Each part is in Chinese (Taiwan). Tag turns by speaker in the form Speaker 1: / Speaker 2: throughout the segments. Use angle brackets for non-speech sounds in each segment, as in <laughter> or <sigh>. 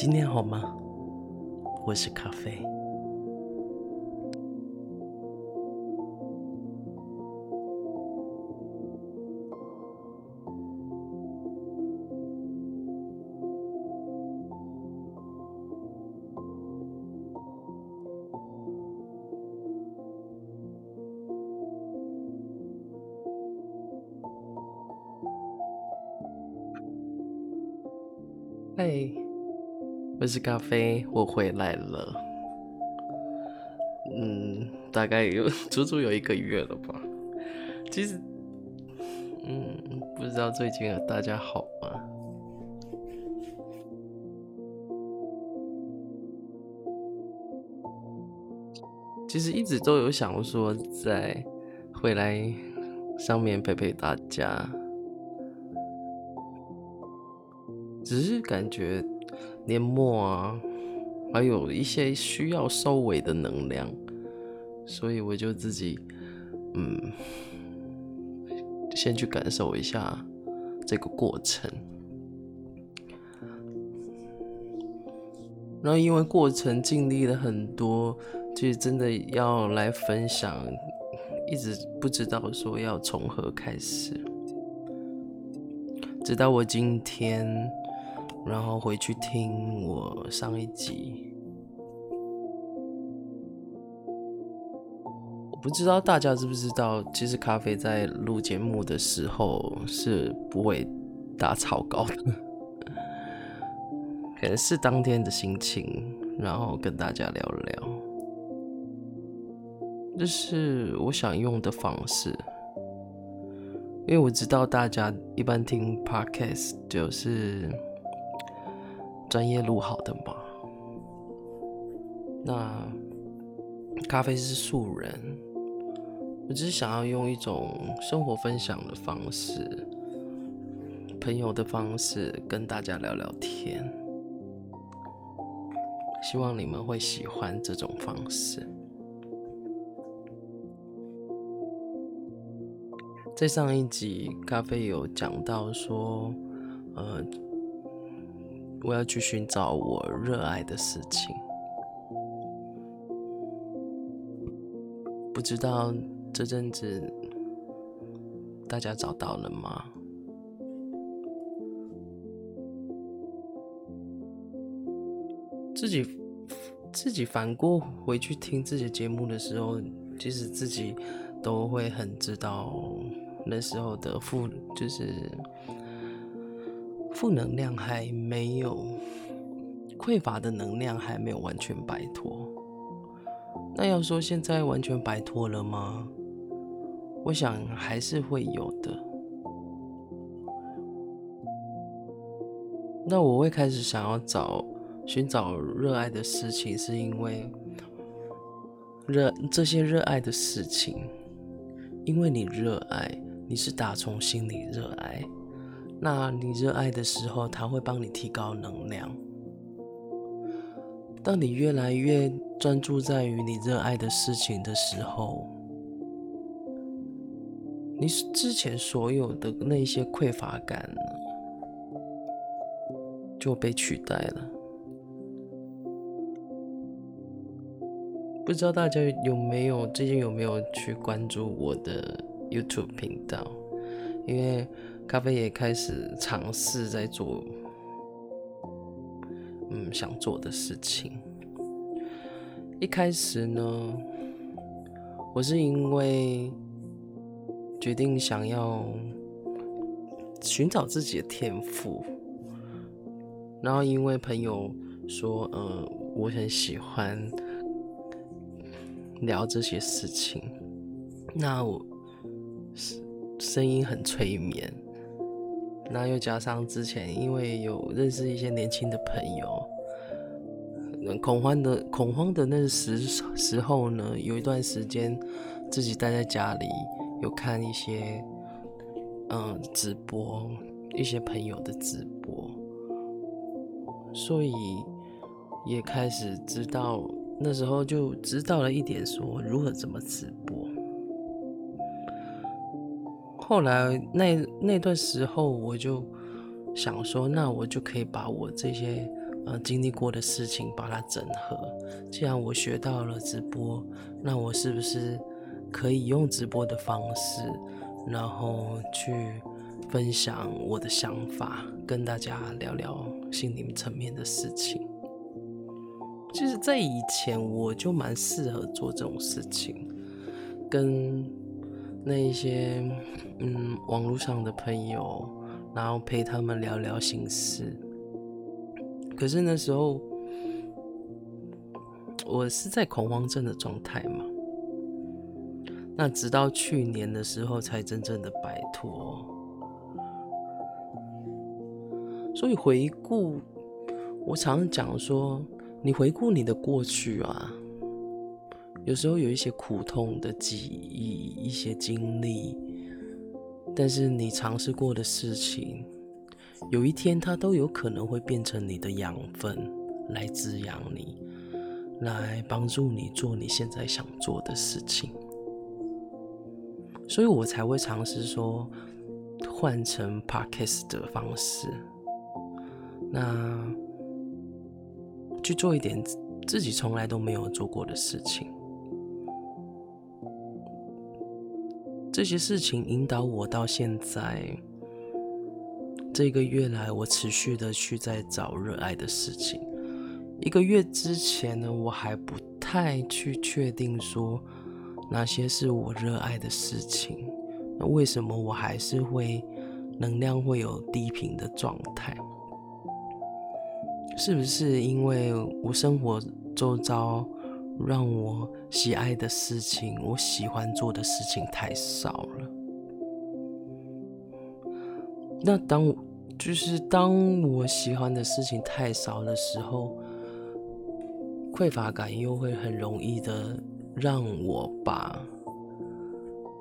Speaker 1: 今天好嗎？我是咖啡。這是咖啡，我回來了。嗯，大概有足足有一個月了吧。其實，嗯，不知道最近啊，大家好嗎？其實一直都有想說在回來上面陪陪大家，只是感覺。年末啊，還有一些需要收尾的能量，所以我就自己，嗯，先去感受一下這個過程。然後因為過程經歷了很多，就真的要來分享，一直不知道說要從何開始，直到我今天。然後回去聽我上一集。我不知道大家知不知道，其實咖啡在錄節目的時候是不會打草稿的，可能是當天的心情，然後跟大家聊了聊，這是我想用的方式，因為我知道大家一般聽 Podcast 就是。專業錄好的嘛？那咖啡是素人，我只是想要用一種生活分享的方式，朋友的方式跟大家聊聊天，希望你們會喜歡這種方式。在上一集，咖啡有講到說，呃。我要去尋找我熱愛的事情。不知道這陣子大家找到了嗎？自己自己反過回去聽自己的節目的時候，其實自己都會很知道那時候的負就是。負能量還沒有，匱乏的能量還沒有完全擺脫。那要說現在完全擺脫了嗎？我想還是會有的。那我會開始想要找，尋找熱愛的事情，是因為熱，這些熱愛的事情，因為你熱愛，你是打從心裡熱愛。那你熱愛的時候，它會幫你提高能量。當你越來越專注在於你熱愛的事情的時候，你之前所有的那些匱乏感就被取代了。不知道大家有沒有最近有沒有去關注我的 YouTube 頻道，因為。咖啡也開始嘗試在做，嗯，想做的事情。一開始呢，我是因為決定想要尋找自己的天賦，然後因為朋友說，呃，我很喜歡聊這些事情，那我聲聲音很催眠。那又加上之前，因為有認識一些年輕的朋友，恐慌的恐慌的那時時候呢，有一段時間自己待在家裡，有看一些嗯直播，一些朋友的直播，所以也開始知道那時候就知道了一點，說如何怎麼直播。後來那那段時候，我就想說，那我就可以把我這些呃經歷過的事情把它整合。既然我學到了直播，那我是不是可以用直播的方式，然後去分享我的想法，跟大家聊聊心靈層面的事情？其實，在以前我就蠻適合做這種事情，跟。那一些嗯，網絡上的朋友，然後陪他們聊聊心事。可是那時候我是在恐慌症的狀態嘛，那直到去年的時候才真正的擺脫。所以回顧，我常常講說，你回顧你的過去啊。有時候有一些苦痛的記憶、一些經歷，但是你嘗試過的事情，有一天它都有可能會變成你的養分，來滋養你，來幫助你做你現在想做的事情。所以，我才會嘗試說換成 Podcast 的方式，那去做一點自己從來都沒有做過的事情。這些事情引導我到現在這個月來，我持續的去在找熱愛的事情。一個月之前呢，我還不太去確定說哪些是我熱愛的事情。那為什麼我還是會能量會有低頻的狀態？是不是因為我生活周遭？讓我喜愛的事情，我喜歡做的事情太少了。那當，就是當我喜歡的事情太少的時候，匱乏感又會很容易的讓我把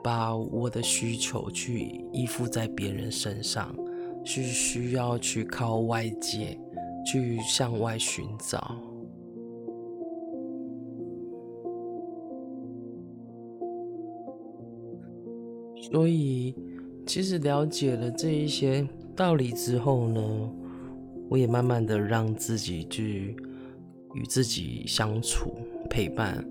Speaker 1: 把我的需求去依附在別人身上，是需要去靠外界去向外尋找。所以，其實了解了這一些道理之後呢，我也慢慢的讓自己去與自己相處、陪伴，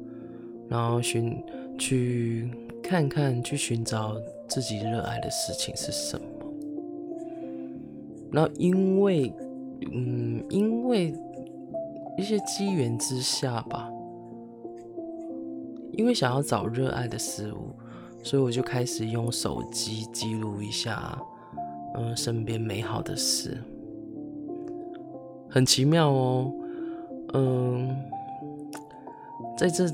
Speaker 1: 然後尋去看看，去尋找自己熱愛的事情是什麼。然後，因為，嗯，因為一些機緣之下吧，因為想要找熱愛的事物。所以我就開始用手機記錄一下，嗯、呃，身邊美好的事，很奇妙哦。嗯、呃，在這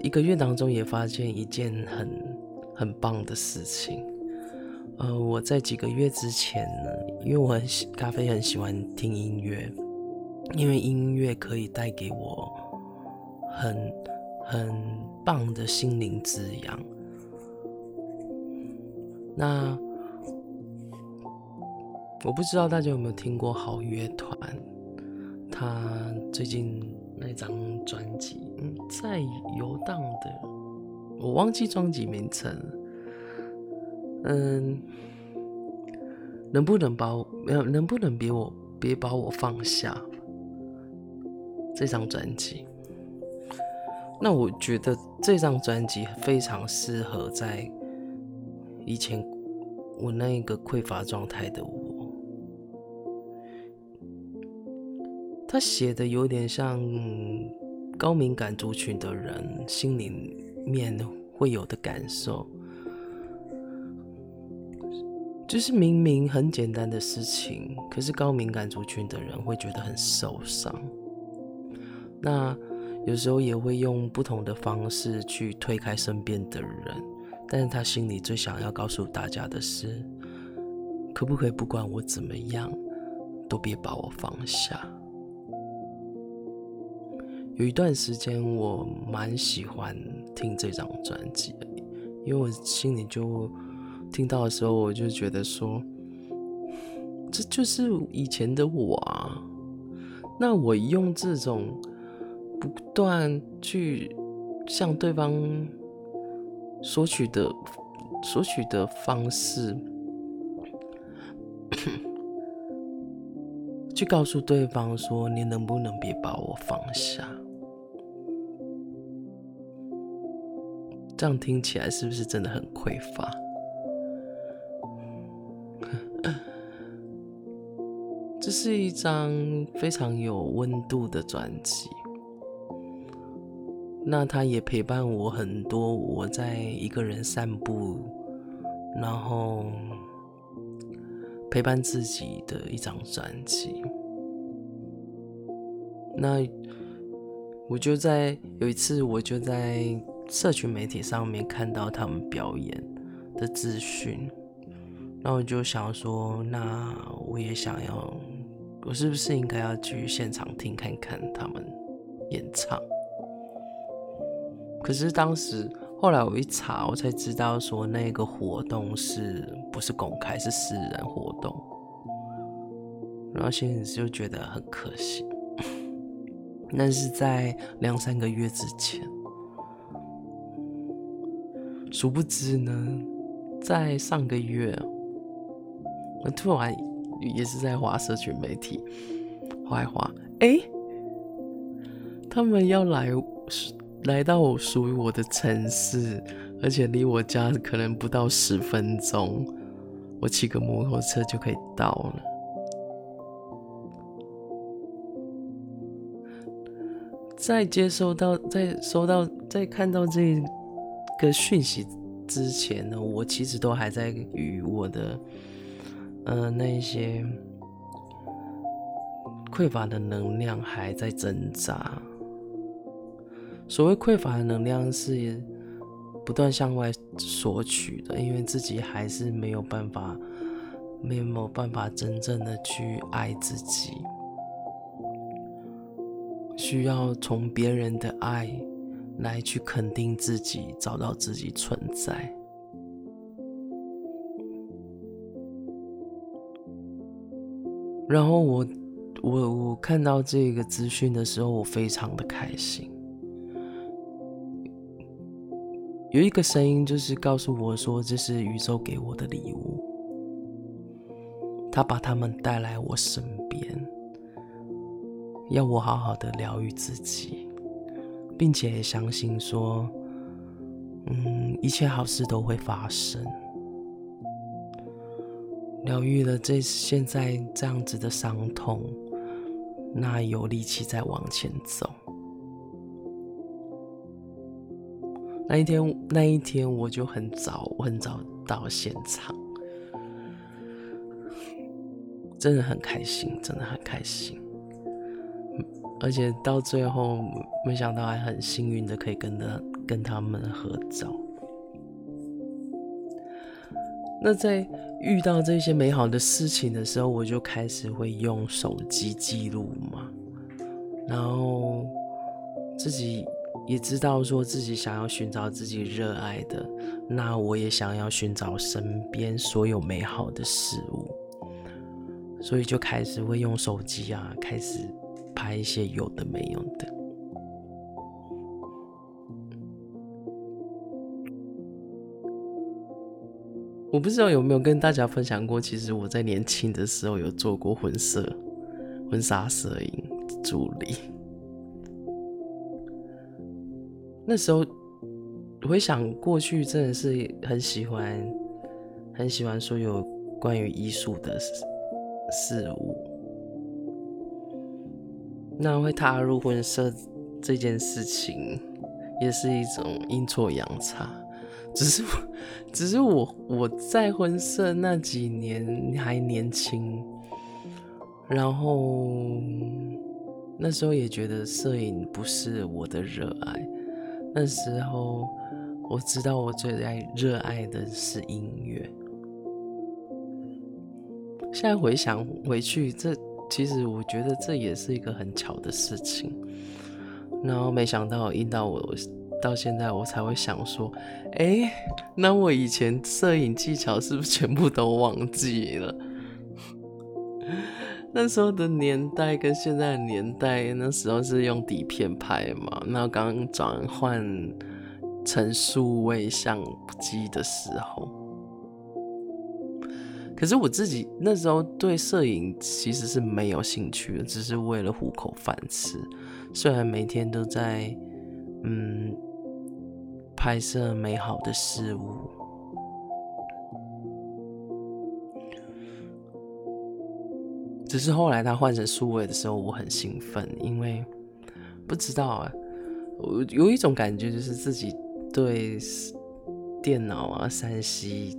Speaker 1: 一個月當中，也發現一件很很棒的事情。呃，我在幾個月之前呢，因為我很喜，咖啡很喜歡聽音樂，因為音樂可以帶給我很很棒的心靈滋養。那我不知道大家有沒有聽過好樂團？他最近那張專輯嗯，在遊蕩的，我忘記專輯名稱了。嗯，能不能把我，沒有，能不能別我別把我放下這張專輯？那我覺得這張專輯非常適合在。以前我那一個匱乏狀態的我，他寫的有點像高敏感族群的人心裡面會有的感受，就是明明很簡單的事情，可是高敏感族群的人會覺得很受傷，那有時候也會用不同的方式去推開身邊的人。但是他心裡最想要告訴大家的是，可不可以不管我怎麼樣，都別把我放下？有一段時間，我蠻喜歡聽這張專輯的，因為我心裡就聽到的時候，我就覺得說，這就是以前的我啊。那我用這種不斷去向對方。索取的，索取的方式， <coughs> 去告訴對方說：“你能不能別把我放下？”這樣聽起來是不是真的很匱乏？ <coughs> 這是一張非常有溫度的專輯。那他也陪伴我很多，我在一個人散步，然後陪伴自己的一張專輯。那我就在有一次，我就在社群媒體上面看到他們表演的資訊，那我就想說，那我也想要，我是不是應該要去現場聽看看他們演唱？可是當時，後來我一查，我才知道說那個活動是不是公開，是私人活動。然後現在就覺得很可惜。但 <laughs> 是在兩三個月之前，殊不知呢，在上個月，我突然也是在滑社群媒體，滑一滑，哎、欸，他們要來，來到屬於我的城市，而且離我家可能不到十分鐘，我騎個摩托車就可以到了。在接收到、在收到、在看到這個訊息之前呢，我其實都還在與我的呃那些匱乏的能量還在掙扎。所謂匱乏的能量是不斷向外索取的，因為自己還是沒有辦法，沒有辦法真正的去愛自己，需要從別人的愛來去肯定自己，找到自己存在。然後我我我看到這個資訊的時候，我非常的開心。有一個聲音，就是告訴我說：“這是宇宙給我的禮物。”他把他們帶來我身邊，要我好好的療癒自己，並且也相信說：“嗯，一切好事都會發生。”療癒了這現在這樣子的傷痛，那有力氣再往前走。那一天，那一天我就很早，我很早到現場，真的很開心，真的很開心，而且到最後，沒想到還很幸運的可以跟他跟他們合照。那在遇到這些美好的事情的時候，我就開始會用手機記錄嘛，然後自己。也知道說自己想要尋找自己熱愛的，那我也想要尋找身邊所有美好的事物，所以就開始會用手機啊，開始拍一些有的沒用的。我不知道有沒有跟大家分享過，其實我在年輕的時候有做過婚攝，婚紗攝影助理。那時候回想過去，真的是很喜歡，很喜歡所有關於藝術的事物。那會踏入婚攝這件事情，也是一種陰錯陽差。只是，只是我我在婚攝那幾年還年輕，然後那時候也覺得攝影不是我的熱愛。那時候我知道我最愛熱愛的是音樂。現在回想回去，這其實我覺得這也是一個很巧的事情。然後沒想到遇到我，到現在我才會想說，哎，那我以前攝影技巧是不是全部都忘記了？那時候的年代跟現在的年代，那時候是用底片拍嘛。那剛轉換成數位相機的時候，可是我自己那時候對攝影其實是沒有興趣的，只是為了糊口飯吃。雖然每天都在，嗯，拍攝美好的事物。只是後來他換成數位的時候，我很興奮，因為不知道啊，我有一種感覺，就是自己對電腦啊、三 C、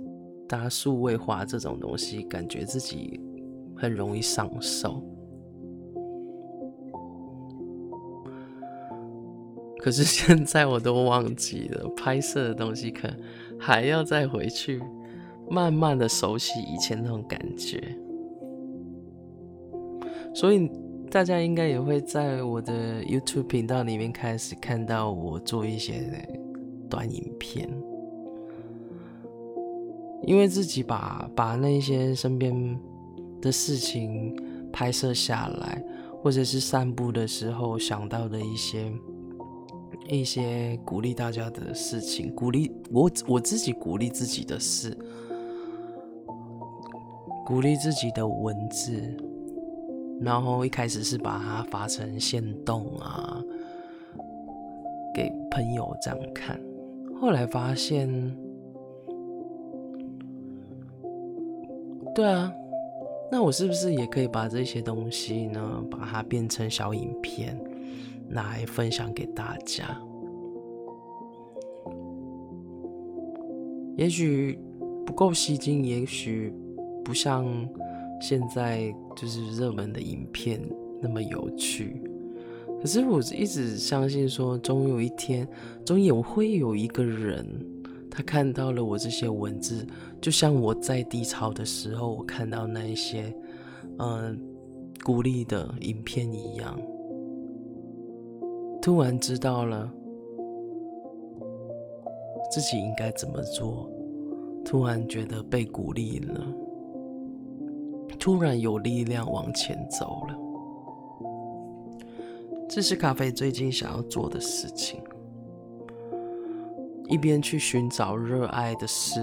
Speaker 1: 搭數位化這種東西，感覺自己很容易上手。可是現在我都忘記了拍攝的東西，可還要再回去慢慢的熟悉以前那種感覺。所以大家應該也會在我的 YouTube 頻道裡面開始看到我做一些短影片，因為自己把把那些身邊的事情拍攝下來，或者是散步的時候想到的一些一些鼓勵大家的事情，鼓勵我我自己鼓勵自己的事，鼓勵自己的文字。然後一開始是把它發成限動啊，給朋友這樣看。後來發現，對啊，那我是不是也可以把這些東西呢，把它變成小影片，拿來分享給大家？也許不夠吸睛，也許不像。現在就是熱門的影片，那麼有趣，可是我一直相信說，終有一天，終也會有一個人，他看到了我這些文字，就像我在低潮的時候，我看到那些嗯、呃、鼓勵的影片一樣，突然知道了自己應該怎麼做，突然覺得被鼓勵了。突然有力量往前走了，這是咖啡最近想要做的事情。一邊去尋找熱愛的事，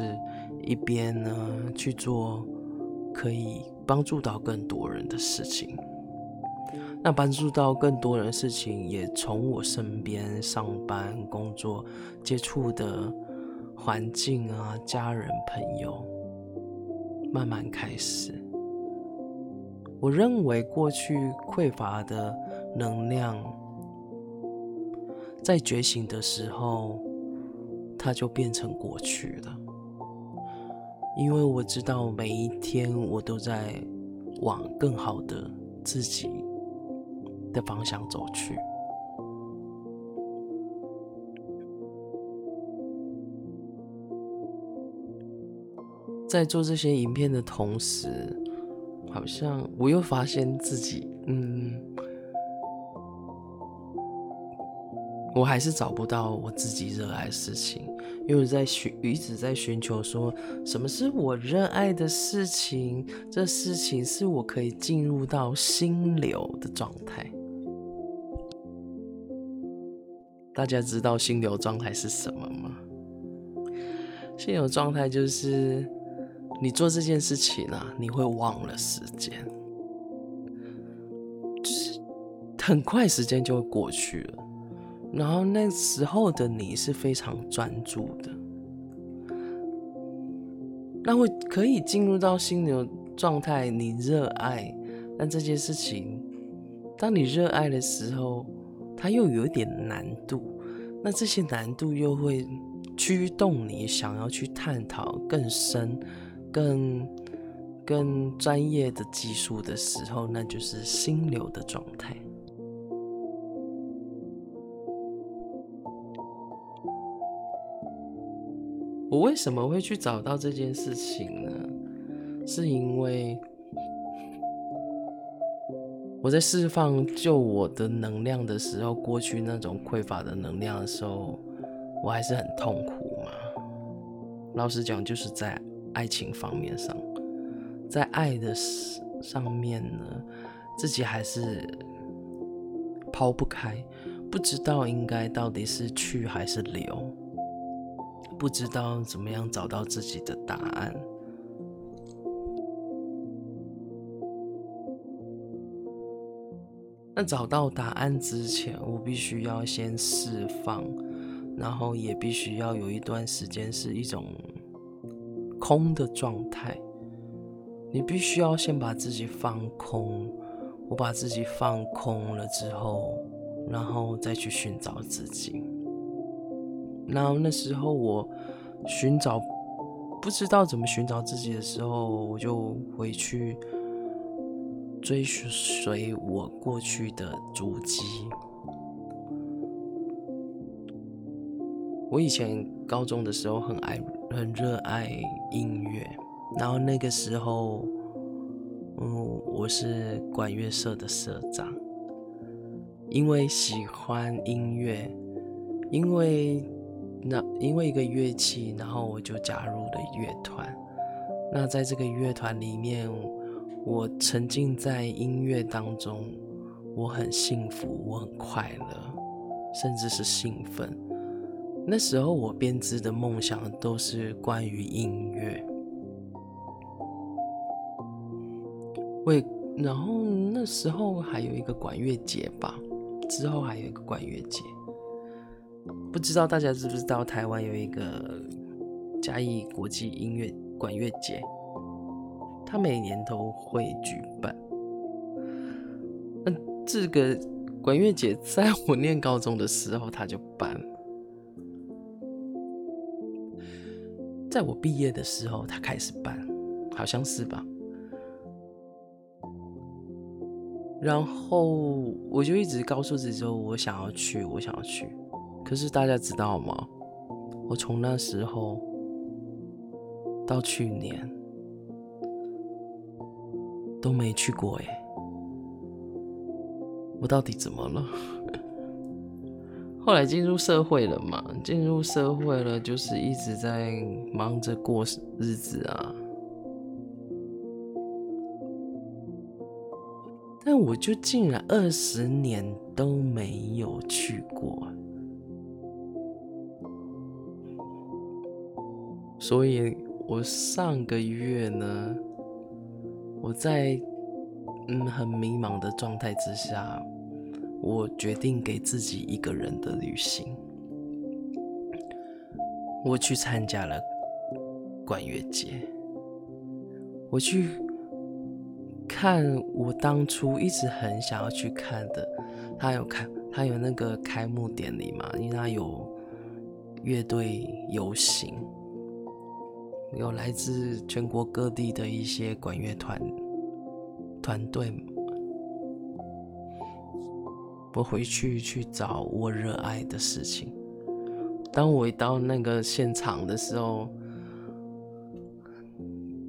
Speaker 1: 一邊呢去做可以幫助到更多人的事情。那幫助到更多人的事情，也從我身邊上班工作接觸的環境啊、家人朋友，慢慢開始。我認為過去匱乏的能量，在覺醒的時候，它就變成過去了。因為我知道每一天我都在往更好的自己的方向走去。在做這些影片的同時，好像我又發現自己，嗯，我還是找不到我自己熱愛的事情，因為我在尋，一直在尋求說什麼是我熱愛的事情，這事情是我可以進入到心流的狀態。大家知道心流狀態是什麼嗎？心流狀態就是。你做這件事情啊，你會忘了時間，就是很快時間就會過去了。然後那時候的你是非常專注的，那會可以進入到心流狀態。你熱愛，但這件事情，當你熱愛的時候，它又有一點難度。那這些難度又會驅動你想要去探討更深。更更專業的技術的時候，那就是心流的狀態。我為什麼會去找到這件事情呢？是因為我在釋放救我的能量的時候，過去那種匱乏的能量的時候，我還是很痛苦嘛。老實講，就是在。愛情方面上，在愛的上面呢，自己還是拋不開，不知道應該到底是去還是留，不知道怎麼樣找到自己的答案。那找到答案之前，我必須要先釋放，然後也必須要有一段時間是一種。空的狀態，你必須要先把自己放空。我把自己放空了之後，然後再去尋找自己。然後那時候我尋找，不知道怎麼尋找自己的時候，我就回去追隨我過去的足跡。我以前高中的時候很愛。很熱愛音樂，然後那個時候，嗯，我是管樂社的社長。因為喜歡音樂，因為那因為一個樂器，然後我就加入了樂團。那在這個樂團裡面，我沉浸在音樂當中，我很幸福，我很快樂，甚至是興奮。那時候我編織的夢想都是關於音樂。喂，然後那時候還有一個管樂節吧，之後還有一個管樂節，不知道大家知不知道台灣有一個嘉義國際音樂管樂節，他每年都會舉辦。這個管樂節在我念高中的時候他就辦了。在我畢業的時候，他開始辦，好像是吧。然後我就一直告訴自己我想要去，我想要去。可是大家知道嗎？我從那時候到去年都沒去過誒。我到底怎麼了？後來進入社會了嘛，進入社會了，就是一直在忙着過日子啊。但我就竟然二十年都沒有去過，所以我上個月呢，我在嗯，很迷茫的狀態之下。我決定給自己一個人的旅行。我去參加了管樂節，我去看我當初一直很想要去看的，他有開，他有那個開幕典禮嘛，因為他有樂隊遊行，有來自全國各地的一些管樂團團隊嘛。我回去去找我熱愛的事情。當我一到那個現場的時候，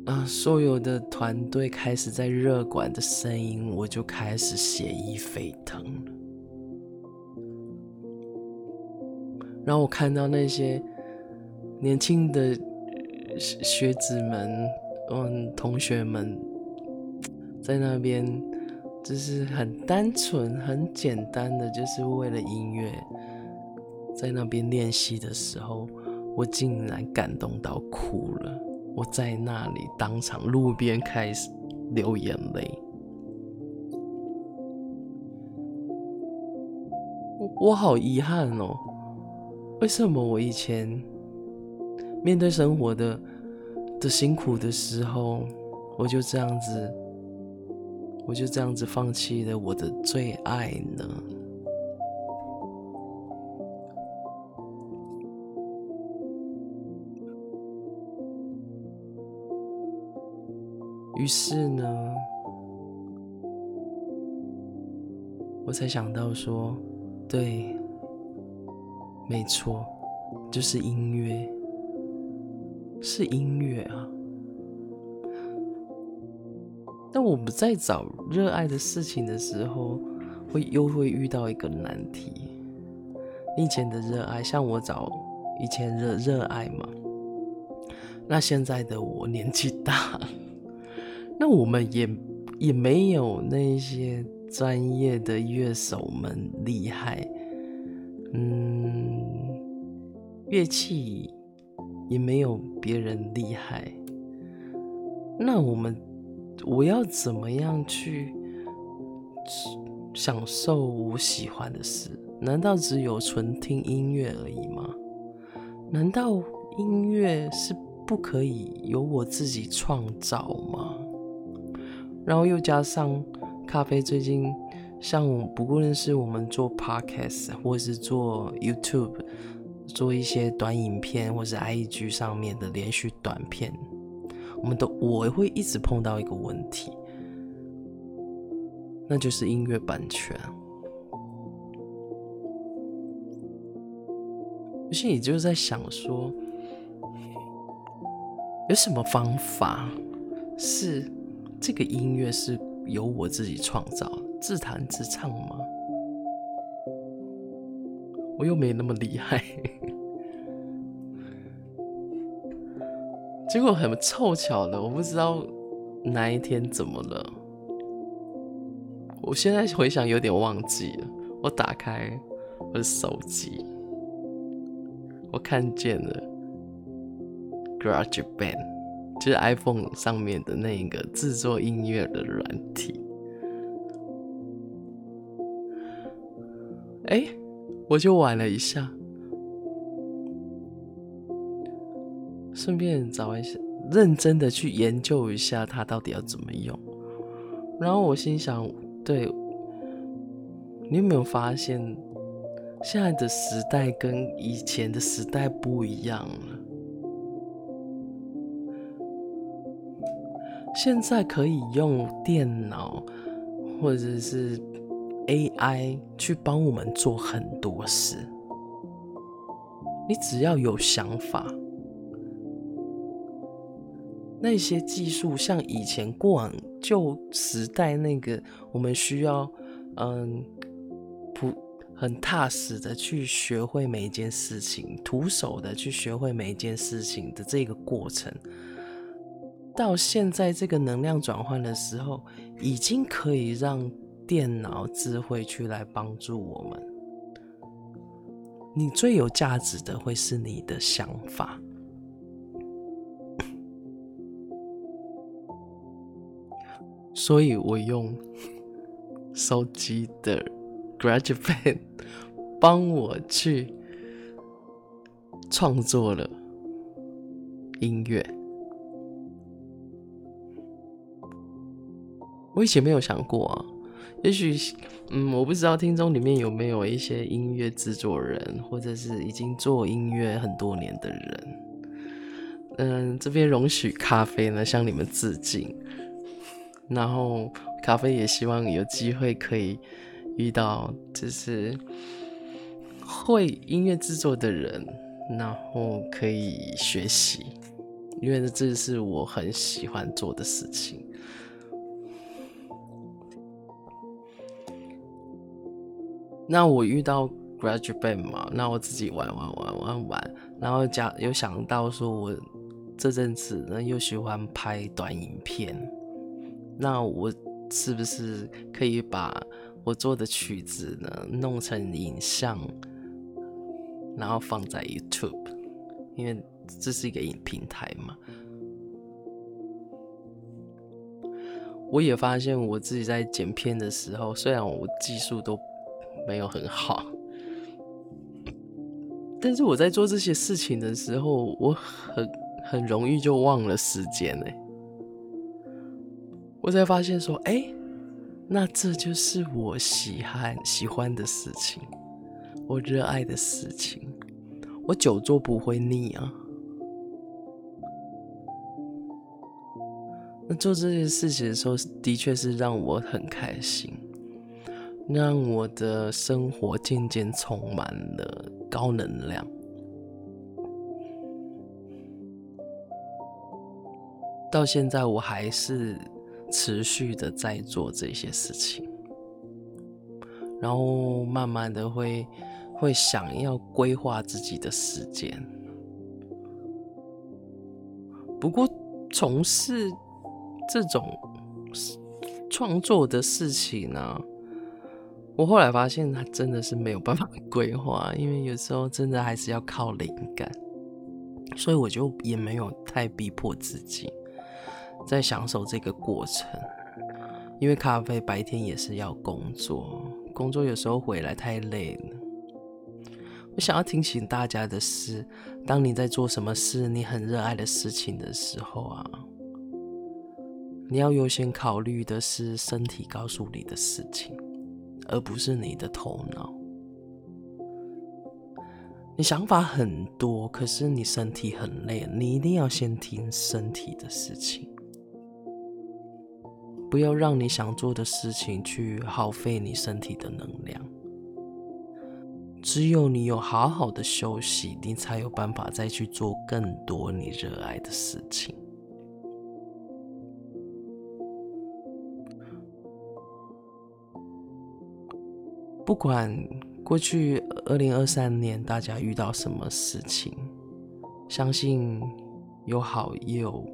Speaker 1: 啊，所有的團隊開始在熱管的聲音，我就開始血液沸騰了，然後我看到那些年輕的學子們，嗯，同學們在那邊。就是很單純、很簡單的，就是為了音樂，在那邊練習的時候，我竟然感動到哭了。我在那裡當場路邊開始流眼淚。我，我好遺憾哦，為什麼我以前面對生活的的辛苦的時候，我就這樣子？我就這樣子放棄了我的最愛呢。於是呢，我才想到說，對，沒錯，就是音樂。是音樂啊。那我們在找熱愛的事情的時候，會又會遇到一個難題。以前的熱愛，像我找以前熱熱愛嘛，那現在的我年紀大，那我們也也沒有那些專業的樂手們厲害，嗯，樂器也沒有別人厲害，那我們。我要怎麼樣去享受我喜歡的事？難道只有純聽音樂而已嗎？難道音樂是不可以由我自己創造嗎？然後又加上咖啡，最近像我不過認識我們做 Podcast 或是做 YouTube，做一些短影片或是 IG 上面的連續短片。我們都，我會一直碰到一個問題，那就是音樂版權。不是，你就是在想說，有什麼方法是這個音樂是由我自己創造，自彈自唱嗎？我又沒那麼厲害。結果很湊巧的，我不知道哪一天怎麼了。我現在回想有點忘記了。我打開我的手機，我看見了 GarageBand，就是 iPhone 上面的那一個製作音樂的軟體。哎、欸，我就玩了一下。順便找一下，認真的去研究一下它到底要怎麼用。然後我心想，對，你有沒有發現，現在的時代跟以前的時代不一樣了？現在可以用電腦或者是 AI 去幫我們做很多事，你只要有想法。那些技術像以前過往舊時代那個，我們需要嗯，不，很踏實的去學會每一件事情，徒手的去學會每一件事情的這個過程，到現在這個能量轉換的時候，已經可以讓電腦智慧去來幫助我們。你最有價值的會是你的想法。所以，我用呵呵手機的 GarageBand 幫我去創作了音樂。我以前沒有想過，啊，也許，嗯，我不知道聽眾裡面有沒有一些音樂製作人，或者是已經做音樂很多年的人。嗯，這邊容許咖啡呢，向你們致敬。然後，咖啡也希望有機會可以遇到，就是會音樂制作的人，然後可以學習，因為這是我很喜歡做的事情。那我遇到 graduate band 嘛，那我自己玩玩玩玩玩，然後加又想到說，我這陣子呢又喜歡拍短影片。那我是不是可以把我做的曲子呢弄成影像，然後放在 YouTube，因為這是一個影平台嘛。我也發現我自己在剪片的時候，雖然我技術都沒有很好，但是我在做這些事情的時候，我很很容易就忘了時間哎、欸。我才發現說，哎、欸，那這就是我喜歡喜歡的事情，我熱愛的事情，我久坐不會膩啊。那做這件事情的時候，的確是讓我很開心，讓我的生活漸漸充滿了高能量。到現在，我還是。持續的在做這些事情，然後慢慢的，會會想要規劃自己的時間。不過從事這種創作的事情呢，我後來發現它真的是沒有辦法規劃，因為有時候真的還是要靠靈感，所以我就也沒有太逼迫自己。在享受這個過程，因為咖啡白天也是要工作，工作有時候回來太累了。我想要提醒大家的是，當你在做什麼事，你很熱愛的事情的時候啊，你要優先考慮的是身體告訴你的事情，而不是你的頭腦。你想法很多，可是你身體很累，你一定要先聽身體的事情。不要讓你想做的事情去耗費你身體的能量。只有你有好好的休息，你才有辦法再去做更多你熱愛的事情。不管過去二零二三年大家遇到什麼事情，相信有好也有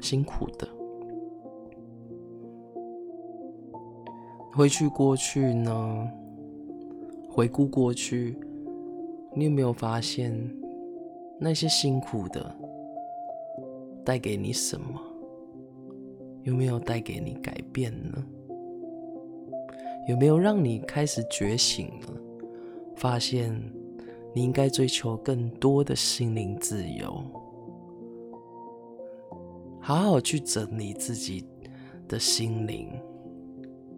Speaker 1: 辛苦的。回去過去呢？回顧過去，你有沒有發現那些辛苦的帶給你什麼？有沒有帶給你改變呢？有沒有讓你開始覺醒了？發現你應該追求更多的心靈自由，好好去整理自己的心靈。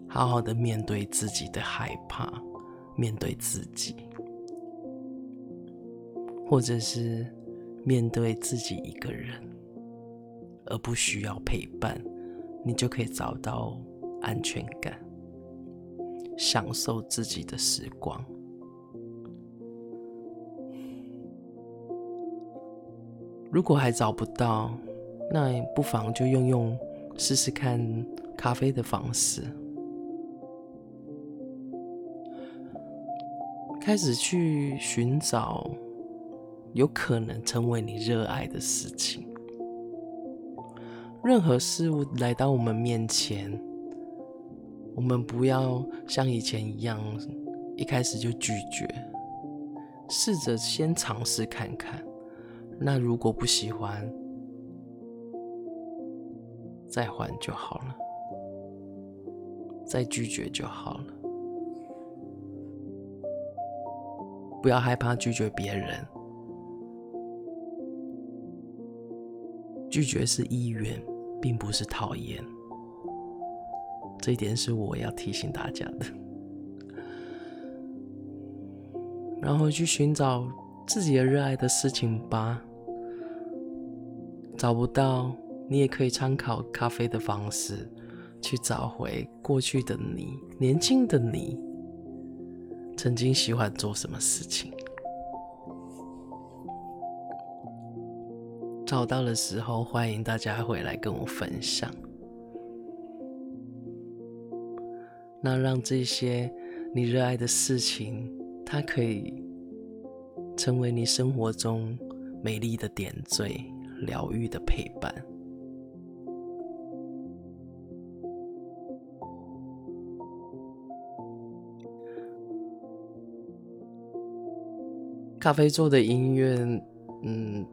Speaker 1: 好好的面對自己的害怕，面對自己，或者是面對自己一個人，而不需要陪伴，你就可以找到安全感，享受自己的時光。如果還找不到，那不妨就用用試試看咖啡的方式。開始去尋找有可能成為你熱愛的事情。任何事物來到我們面前，我們不要像以前一樣一開始就拒絕，試着先嘗試看看。那如果不喜歡，再換就好了，再拒絕就好了。不要害怕拒絕別人，拒絕是意願，並不是討厭。這一點是我要提醒大家的。然後去尋找自己的熱愛的事情吧。找不到，你也可以參考咖啡的方式，去找回過去的你，年輕的你。曾經喜歡做什麼事情？找到的時候，歡迎大家回來跟我分享。那讓這些你熱愛的事情，它可以成為你生活中美麗的點綴、療癒的陪伴。咖啡做的音樂，嗯，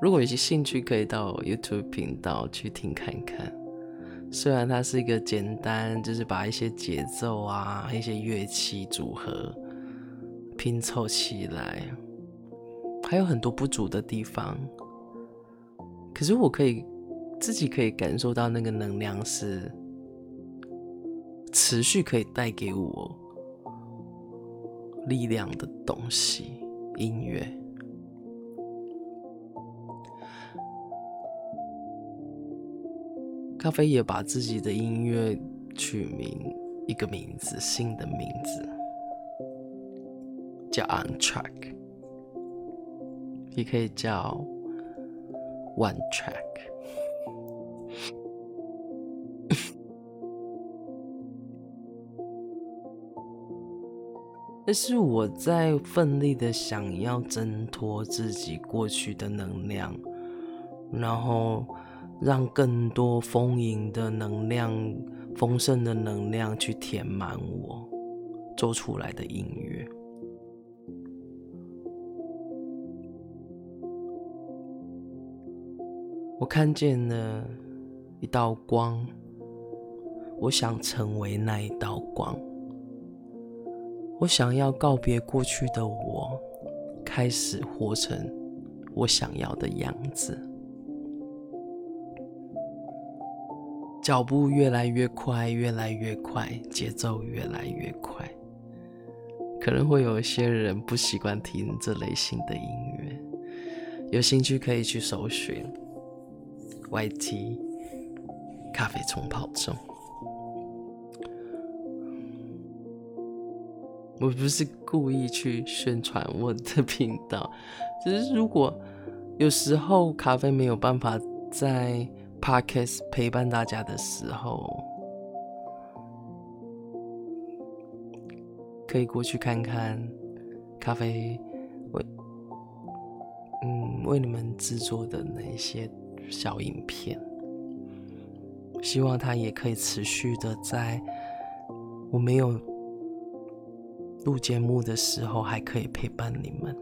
Speaker 1: 如果有些興趣，可以到 YouTube 頻道去聽看看。雖然它是一個簡單，就是把一些節奏啊、一些樂器組合拼湊起來，還有很多不足的地方，可是我可以自己可以感受到那個能量是持續可以帶給我。力量的東西，音樂。咖啡也把自己的音樂取名一個名字，新的名字叫 On Track，也可以叫 On Track。但是我在奮力的想要掙脫自己過去的能量，然後讓更多豐盈的能量，豐盛的能量去填滿我做出來的音樂。我看見了一道光，我想成為那一道光。我想要告別過去的我，開始活成我想要的樣子。腳步越來越快，越來越快，節奏越來越快。可能會有一些人不習慣聽這類型的音樂，有興趣可以去搜尋 YT 咖啡沖泡中。我不是故意去宣傳我的頻道，只是如果有時候咖啡沒有辦法在 Podcast 陪伴大家的時候，可以過去看看咖啡為，為嗯為你們製作的那些小影片，希望它也可以持續的在我沒有。錄節目的時候還可以陪伴你們。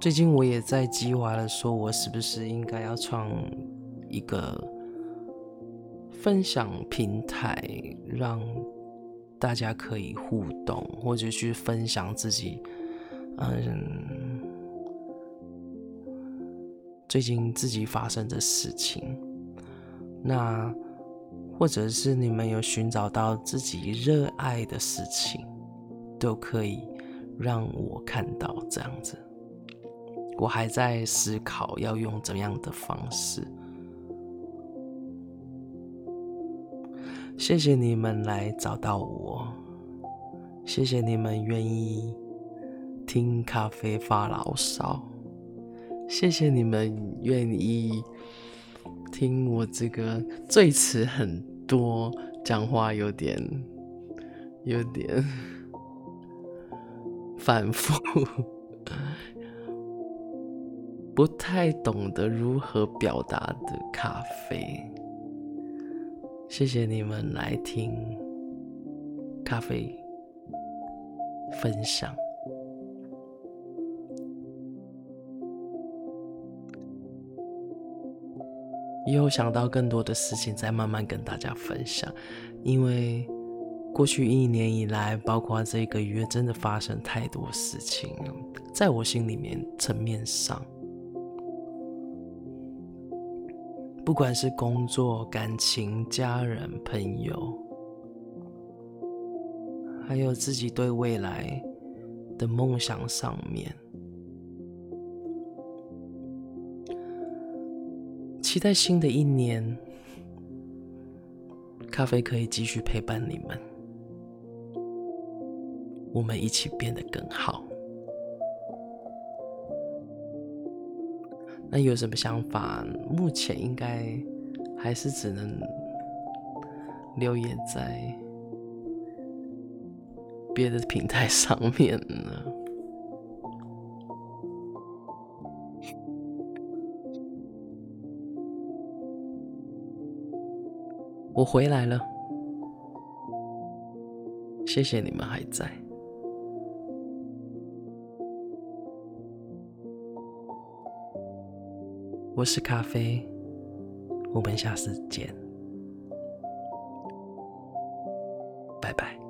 Speaker 1: 最近我也在計劃的，說我是不是應該要創一個分享平台，讓大家可以互動或者去分享自己，嗯。最近自己發生的事情，那或者是你們有尋找到自己熱愛的事情，都可以讓我看到這樣子。我還在思考要用怎樣的方式。謝謝你們來找到我，謝謝你們願意聽咖啡發牢騷。謝謝你們願意聽我這個贅詞很多，講話有點、有點反覆、不太懂得如何表達的咖啡。謝謝你們來聽咖啡分享。以後想到更多的事情，再慢慢跟大家分享。因為過去一年以來，包括這個月，真的發生太多事情了，在我心裡面層面上，不管是工作、感情、家人、朋友，還有自己對未來的夢想上面。期待新的一年，咖啡可以繼續陪伴你們，我們一起變得更好。那有什麼想法？目前應該還是只能留言在別的平台上面呢。我回來了，謝謝你們還在。我是咖啡，我們下次見，拜拜。